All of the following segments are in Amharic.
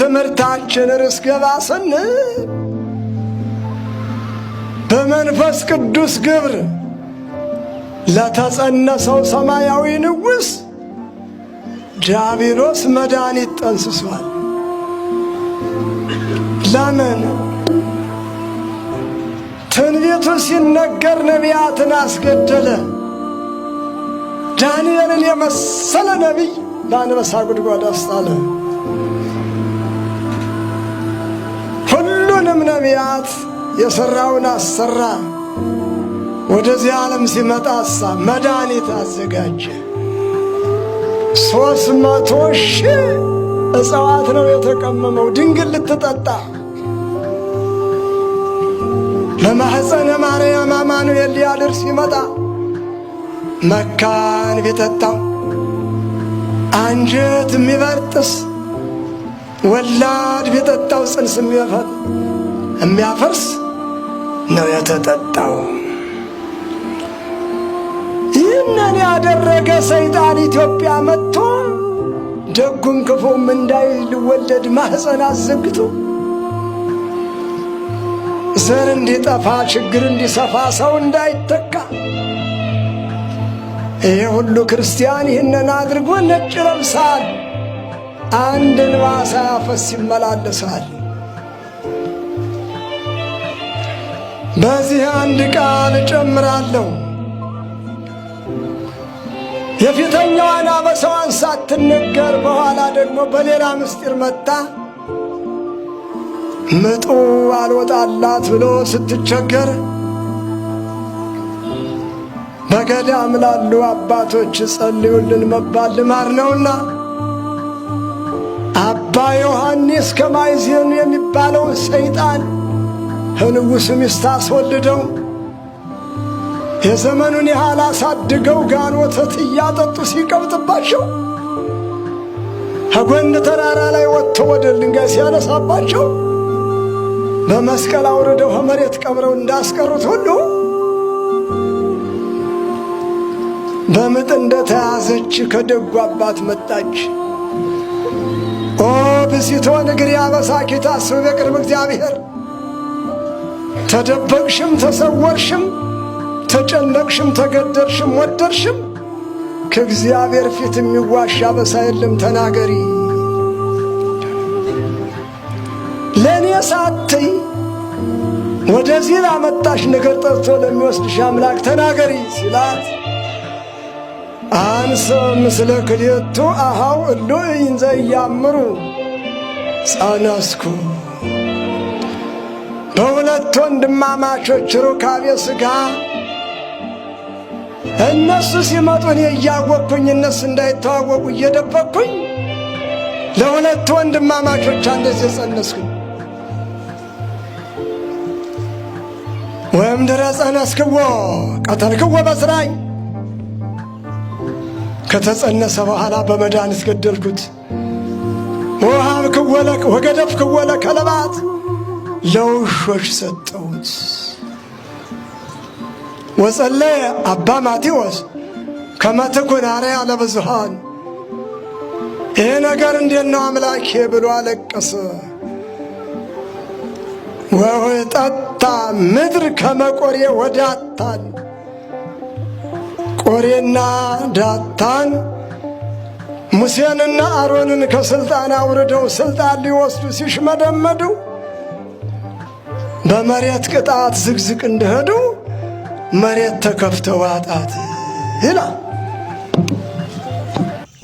ትምህርታችን ርዕስ ገባ ስንል በመንፈስ ቅዱስ ግብር ለተጸነሰው ሰማያዊ ንጉሥ ዲያብሎስ መድኃኒት ጠንስሷል። ለምን? ትንቢቱ ሲነገር ነቢያትን አስገደለ። ዳንኤልን የመሰለ ነቢይ በአንበሳ ጉድጓድ አስጣለ። ሁሉም ነቢያት የሠራውን አሠራ። ወደዚህ ዓለም ሲመጣሳ መድኃኒት አዘጋጀ። ሦስት መቶ ሺህ እጽዋት ነው የተቀመመው ድንግል ልትጠጣ ለማኅፀነ ማርያም አማኑኤል ሊያድር ሲመጣ መካን ቢጠጣው አንጀት የሚበርጥስ ወላድ ቢጠጣው ጽንስ የሚያፈጥ የሚያፈርስ ነው የተጠጣው። ይህንን ያደረገ ሰይጣን ኢትዮጵያ መጥቶ ደጉም ክፉም እንዳይወለድ ማህፀን አዘግቶ ዘር እንዲጠፋ ችግር እንዲሰፋ ሰው እንዳይተካ ይህ ሁሉ ክርስቲያን ይህንን አድርጎ ነጭ ለብሳል፣ አንድ እንባ ሳያፈስ ይመላለሳል። በዚህ አንድ ቃል እጨምራለሁ። የፊተኛዋን አበሳዋን ሳትነገር በኋላ ደግሞ በሌላ ምስጢር መጣ። ምጡ አልወጣላት ብሎ ስትቸገር በገዳም ላሉ አባቶች ጸልዩልን መባል ልማር ነውና አባ ዮሐንስ ከማይዝን የሚባለውን ሰይጣን ከንጉሡ ሚስት አስወልደው የዘመኑን ያህል አሳድገው ጋን ወተት እያጠጡ ሲቀብጥባቸው ከጎን ተራራ ላይ ወጥቶ ወደ ድንጋይ ሲያነሳባቸው በመስቀል አውርደው ከመሬት ቀብረው እንዳስቀሩት ሁሉ በምጥ እንደተያዘች ከደጉ አባት መጣች። ኦ ብእሲቶ ንግሪ አበሳኪ ታስብ እግዚአብሔር ተደበቅሽም፣ ተሰወርሽም፣ ተጨነቅሽም፣ ተገደርሽም ወደርሽም! ከእግዚአብሔር ፊት የሚዋሻ በሳይልም የለም። ተናገሪ ለእኔ ሳትይ ወደዚህ ላመጣሽ ነገር ጠርቶ ለሚወስድሽ አምላክ ተናገሪ ሲላት አንሰ ምስለ ክልኤቱ አሃው እሉ እንዘ እያምሩ ጸነስኩ በሁለት ወንድማማቾች ሩካቤ ሥጋ እነሱ ሲመጡ እኔ እያወቅኩኝ እነሱ እንዳይተዋወቁ እየደበቅኩኝ ለሁለት ወንድማማቾች እንደዚህ ጸነስኩኝ። ወይም ድረ ጸነስክዎ ቀተልክዎ በስራይ ከተጸነሰ በኋላ በመድኃኒት ገደልኩት። ወሃብክዎ ወገደፍክዎ ለከለባት ለውሾች ሰጠውት። ወጸለየ አባ ማቴዎስ ከመትኩን አርያ ለብዙሃን ይሄ ነገር እንዴት ነው አምላኬ ብሎ አለቀሰ። ወህጠታ ምድር ከመቆሬ ወዳታን ቆሬና ዳታን ሙሴንና አሮንን ከስልጣን አውርደው ስልጣን ሊወስዱ ሲሽመደመዱ በመሬት ቅጣት ዝግዝቅ እንደሄዱ መሬት ተከፍተ ዋጣት ይላል።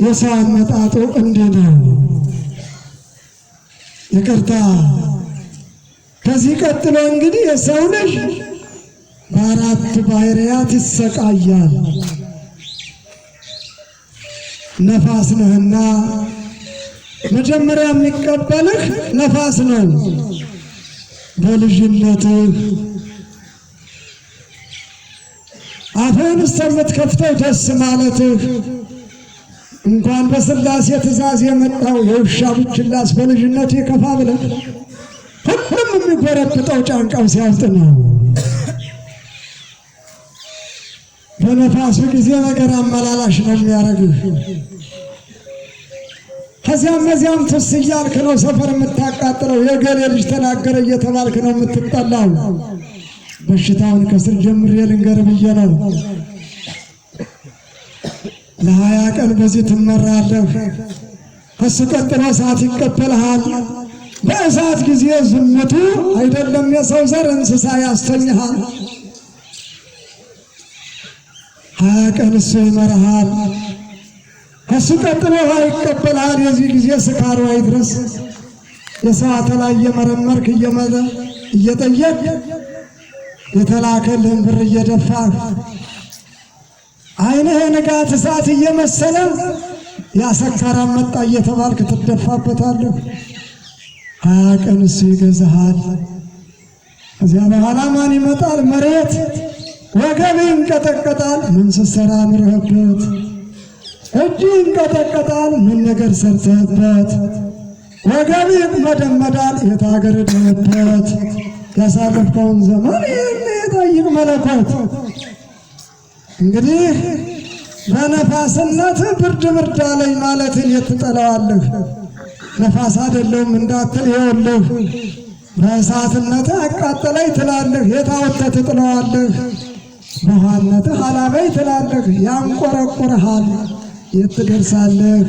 የሰው አመጣጡ እንዲህ ነው። ይቅርታ። ከዚህ ቀጥሎ እንግዲህ የሰው ልጅ በአራት ባህርያት ይሰቃያል። ነፋስ ነህና መጀመሪያ የሚቀበልህ ነፋስ ነው። በልጅነትህ አፍህን እስከምትከፍተው ደስ ማለትህ እንኳን በስላሴ ትእዛዝ የመጣው የውሻ ቡችላስ በልጅነት ይከፋ ብለህ ሁሉም የሚጎረብጠው ጫንቃው ሲያልጥ ነው። በነፋሱ ጊዜ ነገር አመላላሽ ነው የሚያደርግህ። ከዚያም እዚያም ትስ እያልክ ነው ሰፈር የምታቃጥለው። የገሌ ልጅ ተናገረ እየተባልክ ነው የምትጠላው። በሽታውን ከስር ጀምሬ ልንገር ብዬ ነው። ለሀያ ቀን በዚህ ትመራለህ። ከሱ ቀጥሎ እሳት ይቀበልሃል። በእሳት ጊዜ ዝምቱ አይደለም የሰው ዘር እንስሳ ያስተኝሃል። ሀያ ቀን እሱ ይመርሃል። ከሱ ቀጥሎ ውሃ ይቀበላል። የዚህ ጊዜ ስካሩ አይድረስ። የሰዓት ላይ እየመረመርክ እየመለ እየጠየቅ የተላከልህን ብር እየደፋ አይንህ ንጋት እሳት እየመሰለ ያሰካራን መጣ እየተባልክ ትደፋበታለሁ። ሀያ ቀን እሱ ይገዛሃል። እዚያ በኋላ ማን ይመጣል? መሬት ወገብ ይንቀጠቀጣል። ምን ስትሰራ ኑረህበት እጅ ይንቀጠቀጣል ምን ነገር ሰርተህበት፣ ወገብ መደመዳል የታገረድህበት፣ ያሳለፍከውን ዘመን ይህን የጠይቅ መለኮት። እንግዲህ በነፋስነት ብርድ ብርድ አለኝ ማለትን የትጠለዋለህ? ነፋስ አይደለሁም እንዳትል ይኸውልህ፣ በእሳትነትህ አቃጠለኝ ትላለህ፣ የታወተ ትጥለዋለህ። በውሃነትህ አላበይ ትላለህ፣ ያንቆረቁርሃል የት ትደርሳለህ?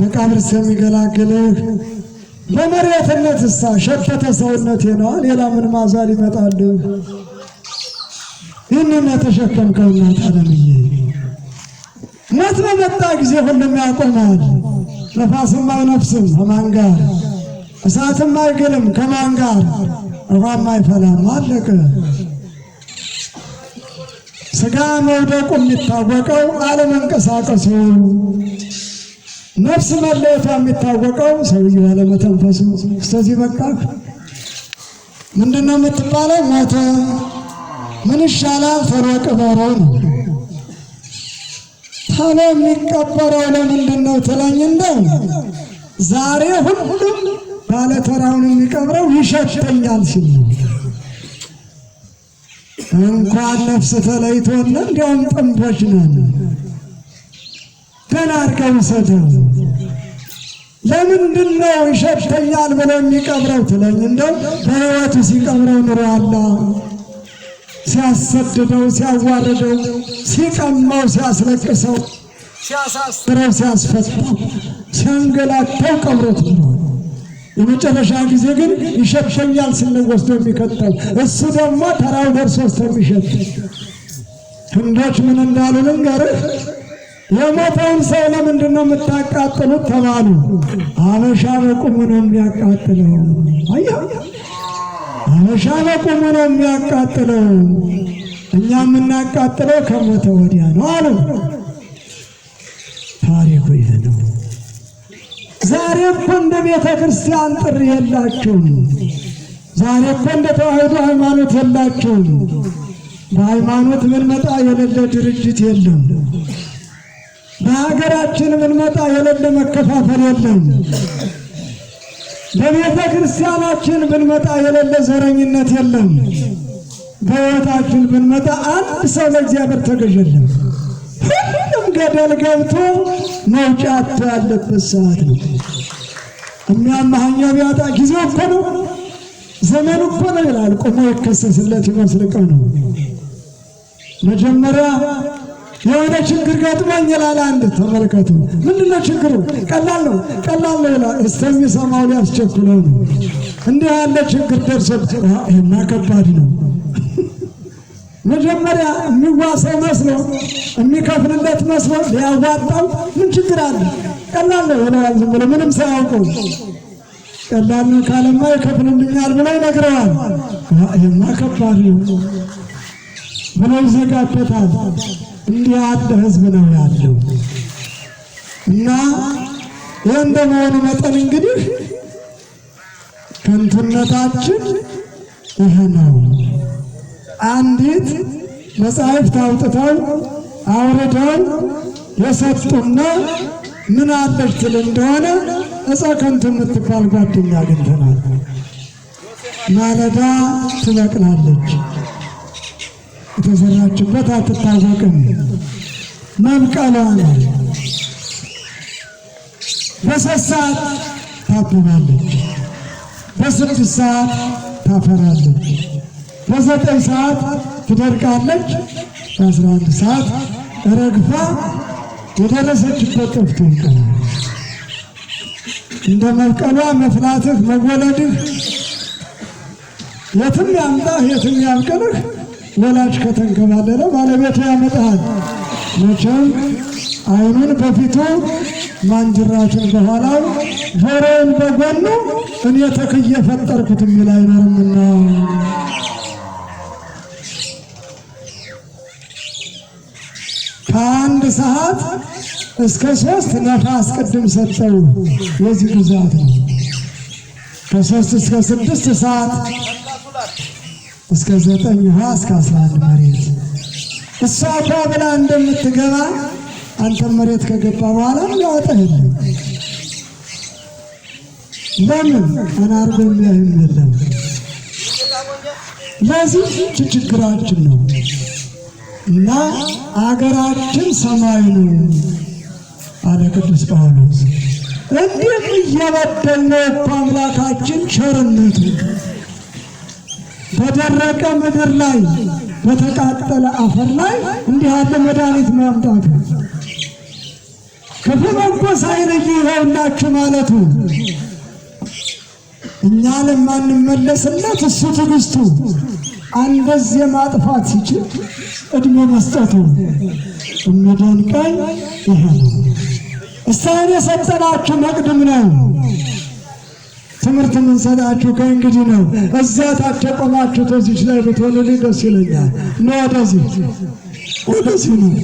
መቃብር የሚገላግልህ በመሬትነት እሳ ሸፈተ ሰውነቴ ነዋ። ሌላ ምን ማዛ ሊመጣልህ? ይህንን የተሸከምከው እናት አለምዬ ሞት በመጣ ጊዜ ሁሉም ያቆማል። ነፋስም አይነፍስም ከማን ጋር፣ እሳትም አይግልም ከማን ጋር፣ ውሃም አይፈላም። አለቀ። ስጋ መውደቁ የሚታወቀው አለመንቀሳቀሱ፣ ነፍስ መለየቷ የሚታወቀው ሰውየው አለመተንፈሱ። እስከዚህ በቃ ምንድነው የምትባለው? ሞተ። ምን ይሻላል? ቶሎ ቅበረው ነው። ቶሎ የሚቀበረው ለምንድን ነው ትለኝ እንደው ዛሬ ሁሉም ባለተራውን የሚቀብረው ይሸተኛል ሲል እንኳን ነፍስ ተለይቶን እንዲያውም ጥንቶች ነን። ገና አድርገው ውሰደው። ለምንድን ነው ይሸተኛል ብለው የሚቀብረው ትለኝ። እንደው በሕይወቱ ሲቀብረው ኑሯላ ሲያሰድደው፣ ሲያዋርደው፣ ሲቀማው፣ ሲያስለቅሰው፣ ሲያሳስረው፣ ሲያስፈታው፣ ሲያንገላተው ቀብሮት ኑሮ የመጨረሻ ጊዜ ግን ይሸሸኛል ስንል ወስዶ የሚከተው እሱ ደግሞ ተራው ደርሶ እስከሚሸጥ ህንዶች ምን እንዳሉ ልንገርህ። የሞተውን ሰው ለምንድን ነው የምታቃጥሉት ተባሉ። አበሻ በቁሙ ነው የሚያቃጥለው። አያ አበሻ በቁሙ ነው የሚያቃጥለው። እኛ የምናቃጥለው ከሞተ ወዲያ ነው አሉ ታሪኩ። እኮ እንደ ቤተ ክርስቲያን ጥሪ የላችሁም። ዛሬ እኮ እንደ ተዋህዶ ሃይማኖት የላችሁም። በሃይማኖት ምንመጣ የሌለ ድርጅት የለም። በሀገራችን ምንመጣ የሌለ መከፋፈል የለም። በቤተ ክርስቲያናችን ብንመጣ የሌለ ዘረኝነት የለም። በሕይወታችን ብንመጣ አንድ ሰው ለእግዚአብሔር ተገዥ የለም። ሁሉም ገደል ገብቶ መውጫ ያለበት ሰዓት ነው። እና መሃኛ ቢያጣ ጊዜው እኮ ነው ዘመኑ እኮ ነው ይላል። ቆሞ የከሰስለት ይመስልቀው ነው። መጀመሪያ የሆነ ችግር ገጥሞኝ ይላል አንድ። ተመልከቱ፣ ምንድን ችግሩ? ቀላል ነው ቀላል ነው ይላል። እስከሚሰማው ሊያስቸኩለው ነው። እንዲህ ያለ ችግር ደርሶት ይህማ ከባድ ነው። መጀመሪያ የሚዋሰው መስሎ የሚከፍልለት መስሎ ሊያዋጣው ምን ችግር አለ ቀላል ነው። ዝም ብሎ ምንም ሳያውቁ ቀላል ነው ካለማ ይከፍሉልኛል ብለው ይነግረዋል። ይማ ከባድ ነው ይዘጋበታል። እንዲህ ያለ ህዝብ ነው ያለው እና ይህ እንደመሆኑ መጠን እንግዲህ ከንቱነታችን ይህ ነው። አንዲት መጽሐፍት አውጥተው አውርደው የሰጡና ምን አለሽ ትል እንደሆነ እፀ ከንቱ የምትባል ጓደኛ አግኝተናል። ማለዳ ትበቅላለች፣ የተሰራችበት አትታወቅም። መብቀሏ ነው። በሶስት ሰዓት ታብባለች፣ በስድስት ሰዓት ታፈራለች፣ በዘጠኝ ሰዓት ትደርቃለች፣ በአስራ አንድ ሰዓት ረግፋ የደረሰችበት ጥፍት ይቀር እንደ መብቀሏ መፍላትህ መወለድህ የትም ያምጣህ የትም ያብቅልህ። ወላጅ ከተንከባለለ ባለቤቱ ያመጣል መቼም አይኑን በፊቱ ማንጅራችን በኋላው ጆሮውን በጎኑ እኔ ተክዬ ፈጠርኩት የሚል አይኖርምና ከአንድ ሰዓት እስከ ሶስት ነፋስ ቅድም ሰጠው። የዚህ ብዛት ነው። ከሶስት እስከ ስድስት ሰዓት እስከ ዘጠኝ ውሃ እስከ አስራ አንድ መሬት እሷ ኳ ብላ እንደምትገባ አንተ መሬት ከገባ በኋላ ያወጠህል። ለምን አናር በሚያህም የለም። ለዚህ ችግራችን ነው። እና አገራችን ሰማይ ነው አለ ቅዱስ ጳውሎስ። እንዴት እየበደልነው በአምላካችን አምላካችን ቸርነቱ በደረቀ ምድር ላይ በተቃጠለ አፈር ላይ እንዲህ ያለ መድኃኒት ማምጣቱ ክፉ መንኮ ሳይለይ ይኸውላችሁ ማለቱ እኛ ለማንመለስለት እሱ ትዕግስቱ አንበዝ የማጥፋት ሲችል እድሜ መስጠቱ እምደንቀኝ ይሄ ነው። እሳን የሰጠናችሁ መቅድም ነው። ትምህርት የምንሰጣችሁ ከእንግዲህ ነው። እዚያ ታተቆማችሁ ተዚች ላይ ብትሆኑልኝ ደስ ይለኛል። ነው ወደዚህ ወደዚህ ነው